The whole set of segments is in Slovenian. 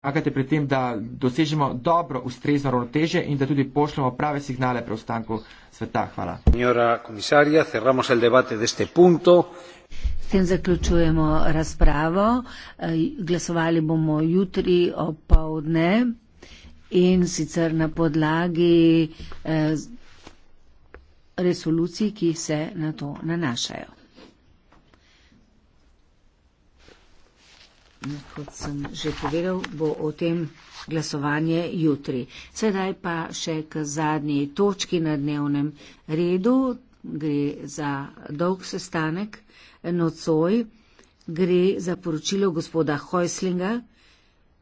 pomagate pri tem, da dosežemo dobro ustrezno ravnoteže in da tudi pošljemo prave signale preostanku sveta. Hvala. S tem zaključujemo razpravo. Eh, glasovali bomo jutri o povdne in sicer na podlagi eh, resolucij, ki se na to nanašajo. No, kot sem že povedal, bo o tem glasovanje jutri. Sedaj pa še k zadnji točki na dnevnem redu. Gre za dolg sestanek nocoj, gre za poročilo gospoda Hojslinga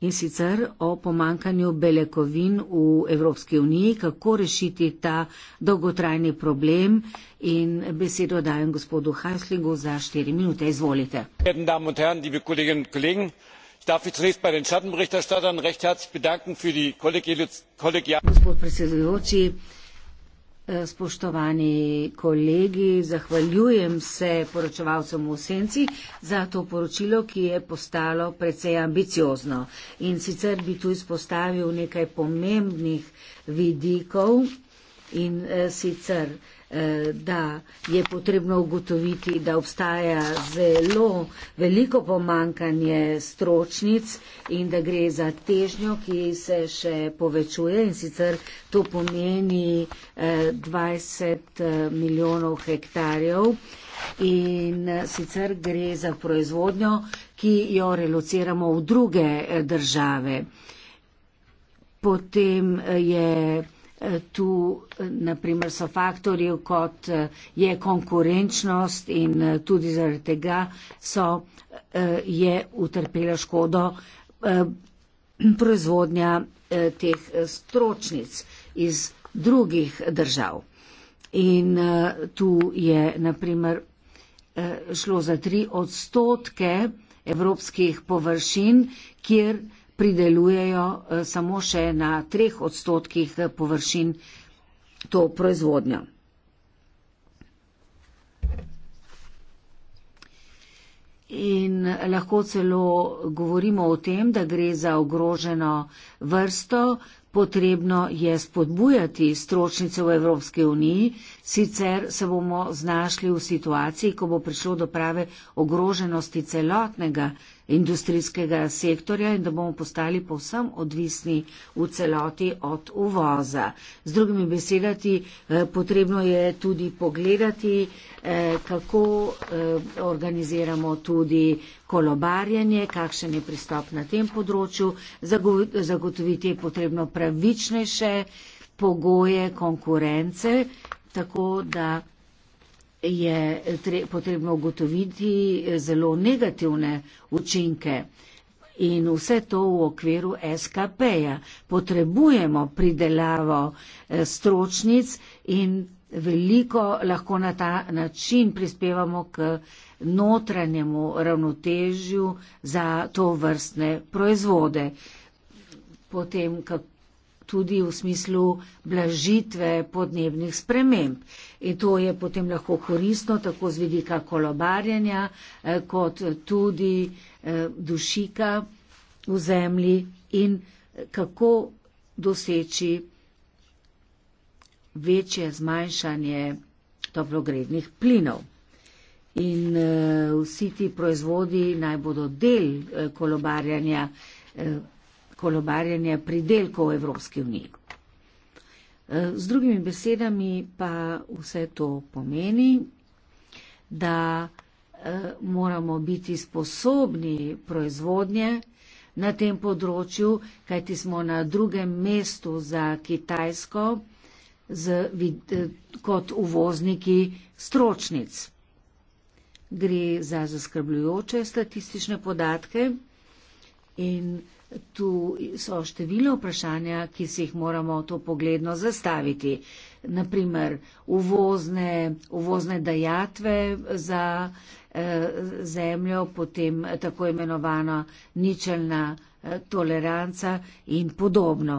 in sicer o pomankanju belekovin v Evropski uniji, kako rešiti ta dolgotrajni problem in besedo dajem gospodu Haslingu za štiri minute. Izvolite. Darf ich zunächst bei den Schattenberichterstattern recht herzlich bedanken für die kollegiale Zusammenarbeit. Eh, spoštovani kolegi, zahvaljujem se poročevalcem v senci za to poročilo, ki je postalo precej ambiciozno. In sicer bi tu izpostavil nekaj pomembnih vidikov in eh, sicer Eh, da je potrebno ugotoviti, da obstaja zelo veliko pomankanje stročnic in da gre za težnjo, ki se še povečuje in sicer to pomeni 20 eh, eh, milijonov hektarjev in sicer gre za proizvodnjo, ki jo relociramo v druge države. Potem je tu naprimer so faktorji, kot eh, je konkurenčnost in eh, tudi zaradi tega so, eh, je utrpela škodo proizvodnja teh stročnic iz drugih držav. In tu je naprimer šlo za tri odstotke evropskih površin, kjer pridelujejo eh, samo še na treh odstotkih površin to proizvodnjo. In lahko celo govorimo o tem, da gre za ogroženo vrsto, potrebno je spodbujati stročnice v Evropski uniji, sicer se bomo znašli v situaciji, ko bo prišlo do prave ogroženosti celotnega industrijskega sektorja in da bomo postali povsem odvisni v celoti od uvoza. Z drugimi besedami, eh, potrebno je tudi pogledati, eh, kako eh, organiziramo tudi kolobarjanje, kakšen je pristop na tem področju, zagotoviti je potrebno pravičnejše pogoje konkurence, tako da je potrebno ugotoviti eh, zelo negativne učinke. In vse to v okviru SKP-ja. Potrebujemo pridelavo eh, stročnic in veliko lahko na ta način prispevamo k notranjemu ravnotežju za to vrstne proizvode. Potem tudi v smislu blažitve podnebnih sprememb in to je potem lahko koristno tako z vidika kolobarjanja, eh, kot tudi eh, dušika v zemlji in eh, kako doseči večje zmanjšanje toplogrednih plinov. In vsi ti proizvodi naj bodo del kolobarjanja, kolobarjanja pridelkov Evropske unije. Eh, z drugimi besedami pa vse to pomeni, da eh, moramo biti sposobni proizvodnje na tem področju, kajti smo na drugem mestu za Kitajsko z, eh, kot uvozniki stročnic. Gre za zaskrbljujoče statistične podatke in Tu so številne vprašanja, ki si jih moramo to pogledno zastaviti. Naprimer, uvozne, uvozne dajatve za eh, zemljo, potem tako imenovana ničelna eh, toleranca in podobno.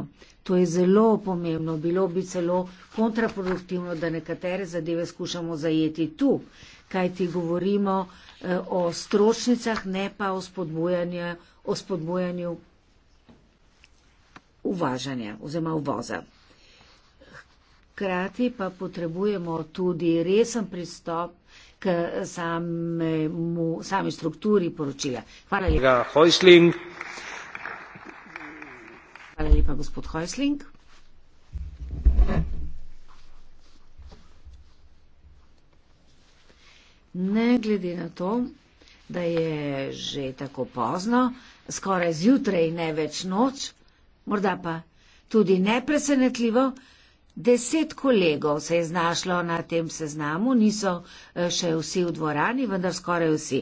To je zelo pomembno. Bilo bi celo kontraproduktivno, da nekatere zadeve skušamo zajeti tu, kaj ti govorimo eh, o stročnicah, ne pa o spodbujanju, o spodbujanju uvažanja oziroma uvoza. Hkrati pa potrebujemo tudi resen pristop k samemu, sami strukturi poročila. Hvala lepa. Hvala lepa, gospod Hojsling. Ne glede na to, da je že tako pozno, skoraj zjutraj, ne več noč, morda pa tudi nepresenetljivo, deset kolegov se je znašlo na tem seznamu, niso eh, še vsi v dvorani, vendar skoraj vsi.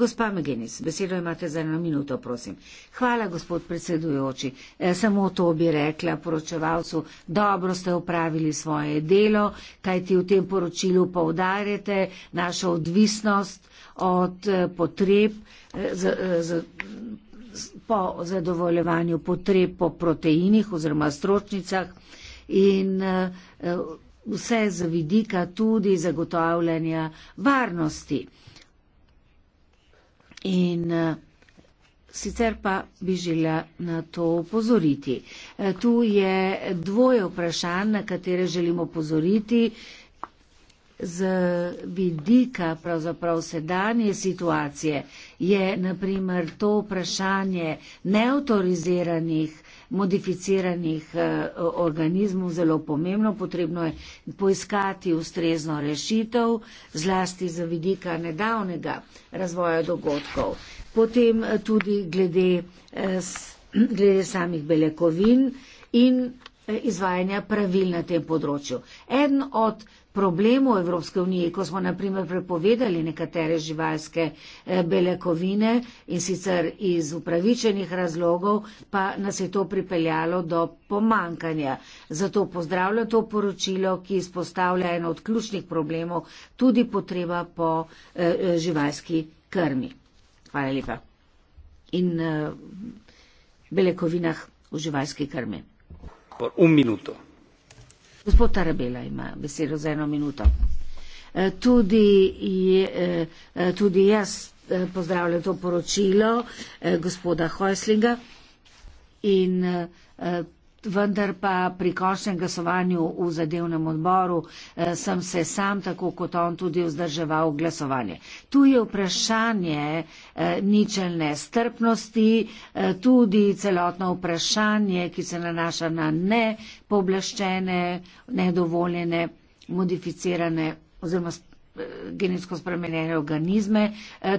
Gospa Megenis, besedo imate za eno minuto, prosim. Hvala, gospod predsedujoči. E, samo to bi rekla poročevalcu. Dobro ste upravili svoje delo, kaj ti v tem poročilu povdarjate našo odvisnost od eh, potreb, z, z, po zadovoljevanju potreb po proteinih oziroma stročnicah in eh, eh, vse z vidika tudi zagotavljanja varnosti. In eh, sicer pa bi želela na to upozoriti. Tu je dvoje vprašanj, na katere želimo upozoriti z vidika pravzaprav sedanje situacije je naprimer to vprašanje neautoriziranih, modificiranih eh, organizmov zelo pomembno. Potrebno je poiskati ustrezno rešitev, zlasti z vidika nedavnega razvoja dogodkov. Potem eh, tudi glede, eh, glede samih beljakovin in izvajanja pravil na tem področju. En od problemu Evropske unije, ko smo naprimer prepovedali nekatere živalske eh, belekovine in sicer iz upravičenih razlogov, pa nas je to pripeljalo do pomankanja. Zato pozdravljam to poročilo, ki izpostavlja eno od ključnih problemov, tudi potreba po eh, eh, živalski krmi. Hvala lepa. In belekovinah v živalski krmi. Por un minuto. Gospod Tarabela ima besedo za eno minuto. E, tudi, je, e, e, tudi jaz pozdravljam to poročilo gospoda Hojslinga in vendar pa pri končnem glasovanju v zadevnem odboru eh, sem se sam, tako kot on, tudi vzdrževal glasovanje. Tu je vprašanje eh, ničelne strpnosti, eh, tudi celotno vprašanje, ki se nanaša na nepoblaščene, nedovoljene, modificirane oziroma genetsko spremenjene organizme.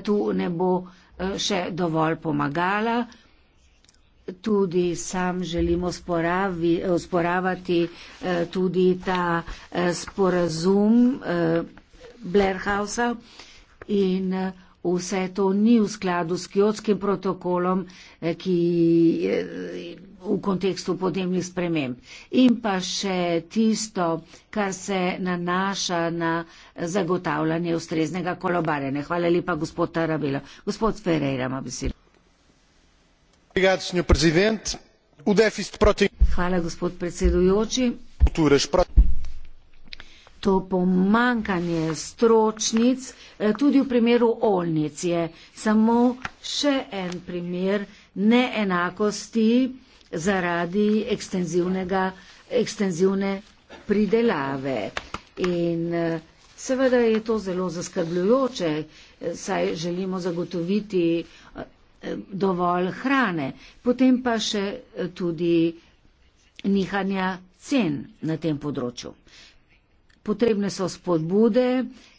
Tu ne bo še dovolj pomagala tudi sam želimo sporavi, sporavati eh, tudi ta eh, sporazum eh, Blairhausa in eh, vse to ni v skladu s kiotskim protokolom, eh, ki eh, v kontekstu podnebnih sprememb. In pa še tisto, kar se nanaša na zagotavljanje ustreznega kolobarjanja. Hvala lepa, gospod Tarabela. Gospod Ferreira ima besedo to pomanjkanje stročnic eh, tudi v primeru oljnic je samo še en primer neenakosti zaradi ekstenzivnega ekstenzivne pridelave in eh, seveda je to zelo zaskrbljujoče eh, saj želimo zagotoviti dovolj hrane, potem pa še eh, tudi nihanja cen na tem področju. Potrebne so spodbude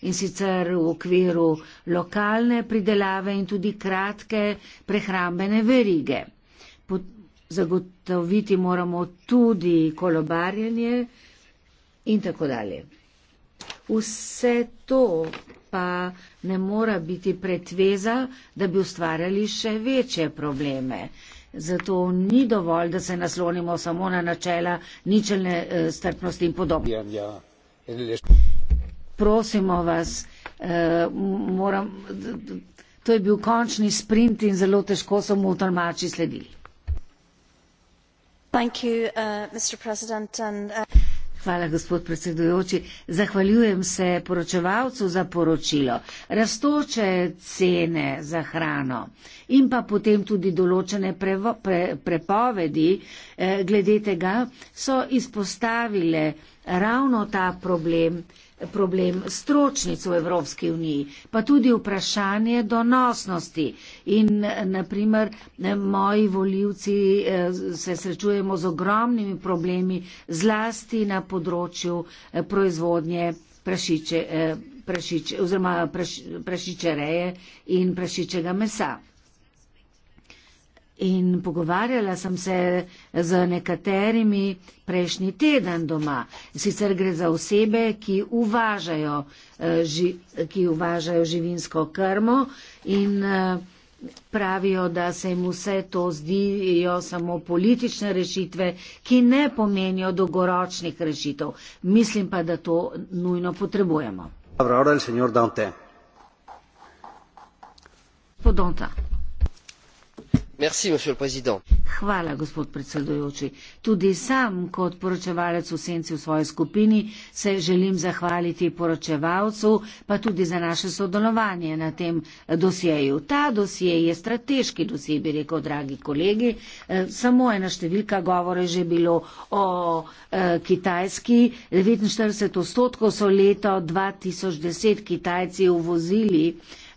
in sicer v okviru lokalne pridelave in tudi kratke prehrambene verige. Zagotoviti moramo tudi kolobarjenje in tako dalje. Vse to pa ne mora biti pretveza, da bi ustvarjali še večje probleme. Zato ni dovolj, da se naslonimo samo na načela ničelne eh, strpnosti in podobno. Prosimo vas, eh, moram, to je bil končni sprint in zelo težko so mu tolmači sledili. Thank you, uh, Mr. President. And, uh... Hvala, gospod predsedujoči. Zahvaljujem se poročevalcu za poročilo. Rastoče cene za hrano in pa potem tudi določene prevo, pre, prepovedi eh, glede tega so izpostavile ravno ta problem problem stročnic v Evropski uniji, pa tudi vprašanje donosnosti. In naprimer, moji voljivci eh, se srečujemo z ogromnimi problemi, zlasti na področju eh, proizvodnje prašiče, eh, prašiče, prašiče reje in prašičega mesa. In pogovarjala sem se z nekaterimi prejšnji teden doma. Sicer gre za osebe, ki uvažajo, eh, ži, ki uvažajo živinsko krmo in eh, pravijo, da se jim vse to zdijo samo politične rešitve, ki ne pomenijo dolgoročnih rešitev. Mislim pa, da to nujno potrebujemo. Dobro, ora, Hvala, gospod predsedujoči. Tudi sam, kot poročevalec v senci v svoji skupini, se želim zahvaliti poročevalcu, pa tudi za naše sodelovanje na tem eh, dosjeju. Ta dosje je strateški dosje, bi rekel, dragi kolegi. Eh, samo ena številka govore že bilo o eh, Kitajski. 49 odstotkov so leto 2010 Kitajci uvozili.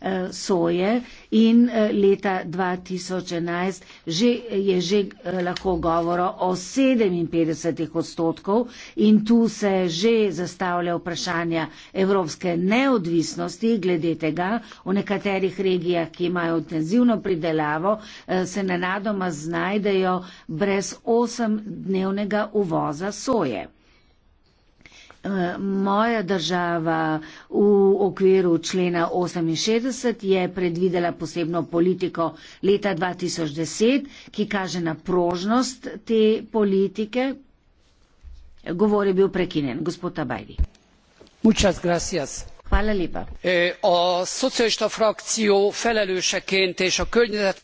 Eh, soje in eh, leta 2011 že, je že eh, lahko govoro o 57 odstotkov in tu se že zastavlja vprašanja evropske neodvisnosti glede tega. V nekaterih regijah, ki imajo intenzivno pridelavo, se nenadoma znajdejo brez 8-dnevnega uvoza soje. Moja država v okviru člena 68 je predvidela posebno politiko leta 2010, ki kaže na prožnost te politike. Govor je bil prekinjen. Gospod Tabajdi. Muchas gracias. Hvala lepa. A e, socialista frakcijo felelőseként és a környezet...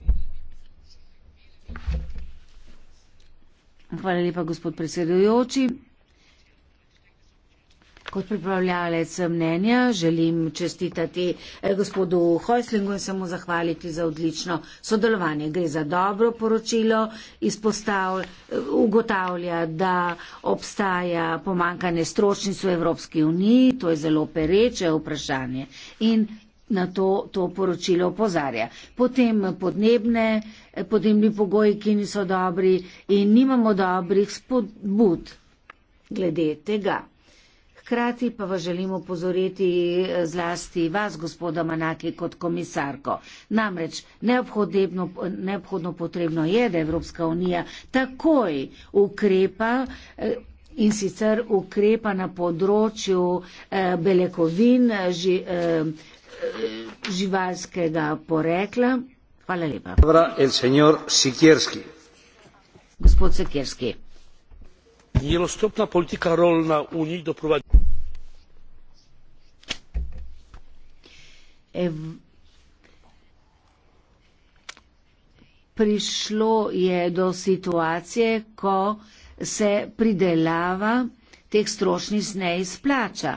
Hvala lepa, gospod predsedujoči kot pripravljalec mnenja. Želim čestitati eh, gospodu Hojslingu in se mu zahvaliti za odlično sodelovanje. Gre za dobro poročilo, eh, ugotavlja, da obstaja pomankanje stročnic v Evropski uniji, to je zelo pereče vprašanje. In na to to poročilo opozarja. Potem podnebne, eh, podnebni pogoji, ki niso dobri in nimamo dobrih spodbud glede tega. Hkrati pa vas želim upozoriti eh, zlasti vas, gospoda Manaki, kot komisarko. Namreč neobhodno potrebno je, da Evropska unija takoj ukrepa eh, in sicer ukrepa na področju eh, belekovin ži, eh, živalskega porekla. Hvala lepa. Dobra, el senjor Sikerski. Gospod Sikerski. Nijelostopna politika rolna v njih doprovadi. ev, prišlo je do situacije, ko se pridelava teh strošnic ne izplača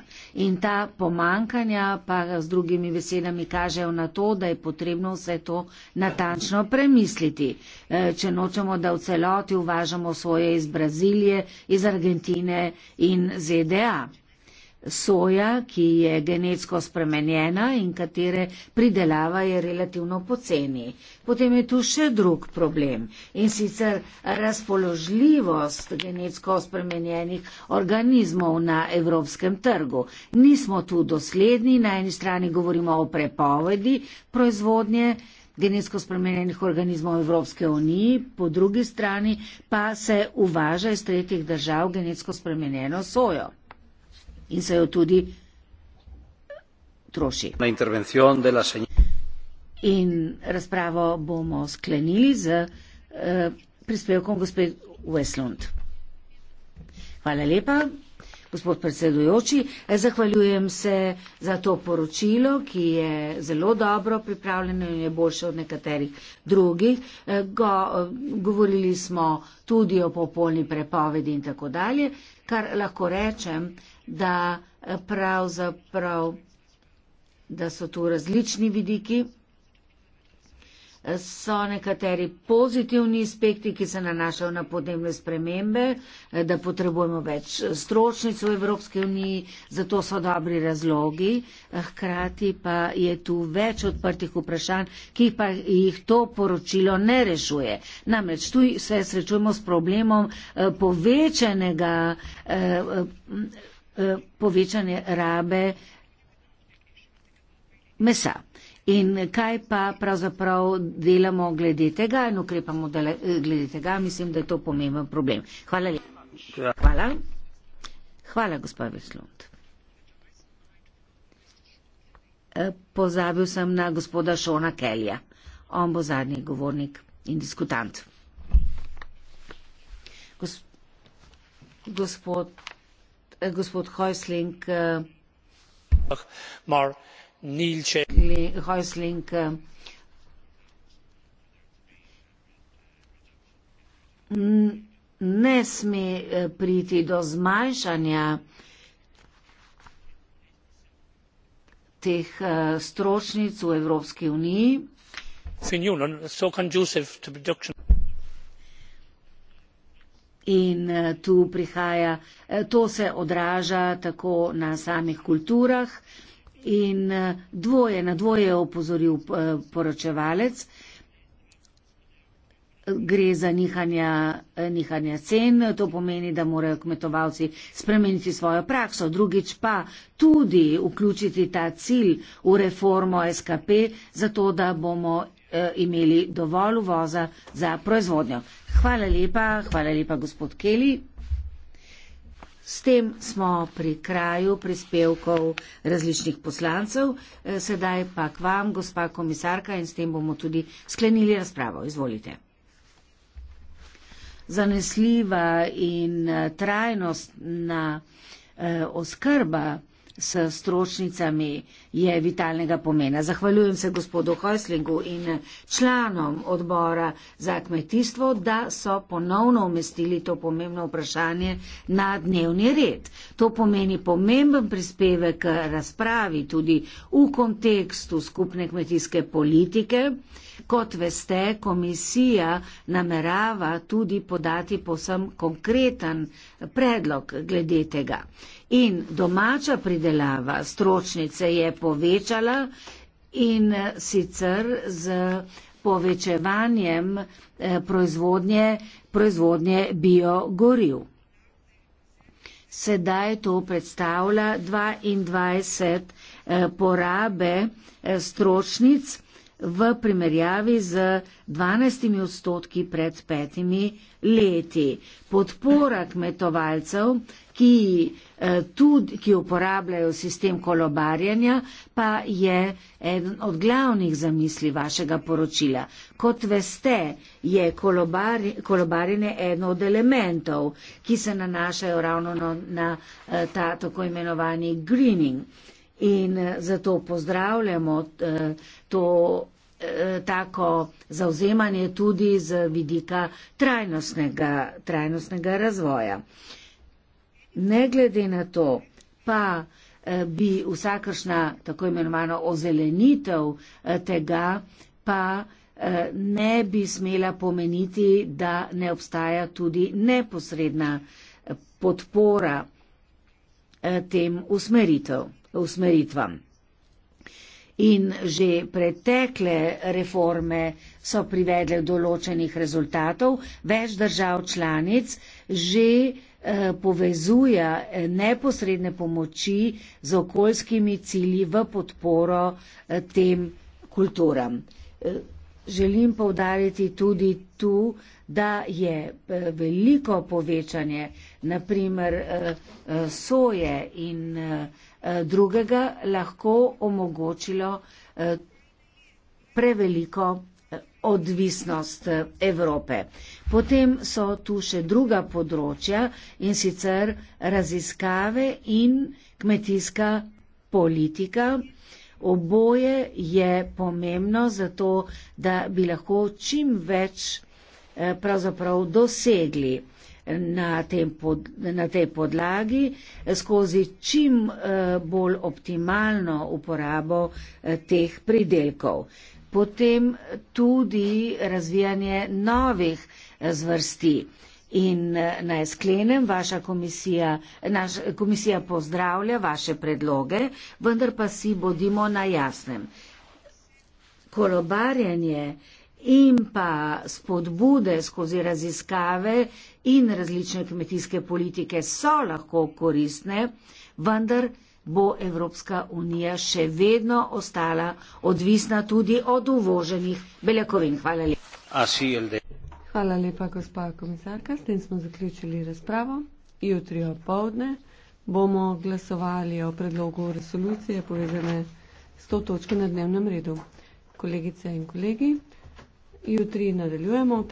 in ta pomankanja pa z drugimi besedami kažejo na to, da je potrebno vse to natančno premisliti. E, če nočemo, da v celoti uvažamo svoje iz Brazilije, iz Argentine in ZDA soja, ki je genetsko spremenjena in katere pridelava je relativno poceni. Potem je tu še drug problem in sicer razpoložljivost genetsko spremenjenih organizmov na evropskem trgu. Nismo tu dosledni, na eni strani govorimo o prepovedi proizvodnje genetsko spremenjenih organizmov Evropske unije, po drugi strani pa se uvaža iz tretjih držav genetsko spremenjeno sojo in se jo tudi troši. In razpravo bomo sklenili z eh, prispevkom gospe Westlund. Hvala lepa. Gospod predsedujoči, eh, zahvaljujem se za to poročilo, ki je zelo dobro pripravljeno in je boljše od nekaterih drugih. Eh, go, govorili smo tudi o popolni prepovedi in tako dalje, kar lahko rečem, da eh, pravzaprav, da so tu različni vidiki. Eh, so nekateri pozitivni aspekti, ki se nanašajo na podnebne spremembe, eh, da potrebujemo več stročnic v Evropski uniji, zato so dobri razlogi. Hkrati pa je tu več odprtih vprašanj, ki pa jih to poročilo ne rešuje. Namreč tu se srečujemo s problemom povečenega. Eh, Eh, povečanje rabe mesa. In kaj pa pravzaprav delamo glede tega in ukrepamo eh, glede tega, mislim, da je to pomemben problem. Hvala lepa. Hvala. Hvala, gospod Veslund. Eh, pozabil sem na gospoda Šona Kelja. On bo zadnji govornik in diskutant. Gospod. Eh, gospod Häusling, eh, Mar, Nielče. Häusling, eh, ne sme priti do zmanjšanja teh stročnic v Evropski uniji. Union, so In eh, tu prihaja, eh, to se odraža tako na samih kulturah. In eh, dvoje, na dvoje je opozoril poročevalec. Gre za nihanja, nihanja cen, to pomeni, da morajo kmetovalci spremeniti svojo prakso. Drugič pa tudi vključiti ta cilj v reformo SKP, zato da bomo Eh, imeli dovolj uvoza za proizvodnjo. Hvala lepa, hvala lepa, gospod Keli. S tem smo pri kraju prispevkov različnih poslancev. Eh, sedaj pa k vam, gospa komisarka, in s tem bomo tudi sklenili razpravo. Izvolite. Zanesljiva in eh, trajnostna oskrba s stročnicami je vitalnega pomena. Zahvaljujem se gospodu Hojslingu in članom odbora za kmetijstvo, da so ponovno umestili to pomembno vprašanje na dnevni red. To pomeni pomemben prispevek razpravi tudi v kontekstu skupne kmetijske politike. Kot veste, komisija namerava tudi podati posem konkreten predlog glede tega. In domača pridelava stročnice je povečala in sicer z povečevanjem eh, proizvodnje, proizvodnje biogoriv. Sedaj to predstavlja 22 eh, porabe eh, stročnic v primerjavi z 12 odstotki pred petimi leti. Podpora kmetovalcev, ki, eh, tudi, ki uporabljajo sistem kolobarjanja, pa je eden od glavnih zamisli vašega poročila. Kot veste, je kolobar, kolobarjanje eno od elementov, ki se nanašajo ravno na, na eh, ta tako imenovani greening. In eh, zato pozdravljamo eh, to eh, tako zauzemanje tudi z vidika trajnostnega, trajnostnega razvoja. Ne glede na to, pa bi vsakršna tako imenovana ozelenitev tega pa ne bi smela pomeniti, da ne obstaja tudi neposredna podpora tem usmeritev usmeritvam. In že pretekle reforme so privedle do določenih rezultatov. Več držav članic že eh, povezuje eh, neposredne pomoči z okoljskimi cilji v podporo eh, tem kulturam. Eh, želim povdariti tudi tu, da je eh, veliko povečanje, naprimer eh, eh, soje in eh, Eh, drugega lahko omogočilo eh, preveliko eh, odvisnost Evrope. Potem so tu še druga področja in sicer raziskave in kmetijska politika. Oboje je pomembno zato, da bi lahko čim več pravzaprav dosegli na, pod, na tej podlagi skozi čim eh, bolj optimalno uporabo eh, teh pridelkov. Potem tudi razvijanje novih eh, zvrsti. In naj sklenem, vaša komisija, naš, komisija pozdravlja vaše predloge, vendar pa si bodimo na jasnem. Kolobarjanje eh, in pa spodbude skozi raziskave in različne kmetijske politike so lahko koristne, vendar bo Evropska unija še vedno ostala odvisna tudi od uvoženih beljakovin. Hvala lepa. Hvala lepa, gospa komisarka. S tem smo zaključili razpravo. Jutri o povdne bomo glasovali o predlogu resolucije povezane s to točko na dnevnem redu. Kolegice in kolegi jutri nadaljujemo.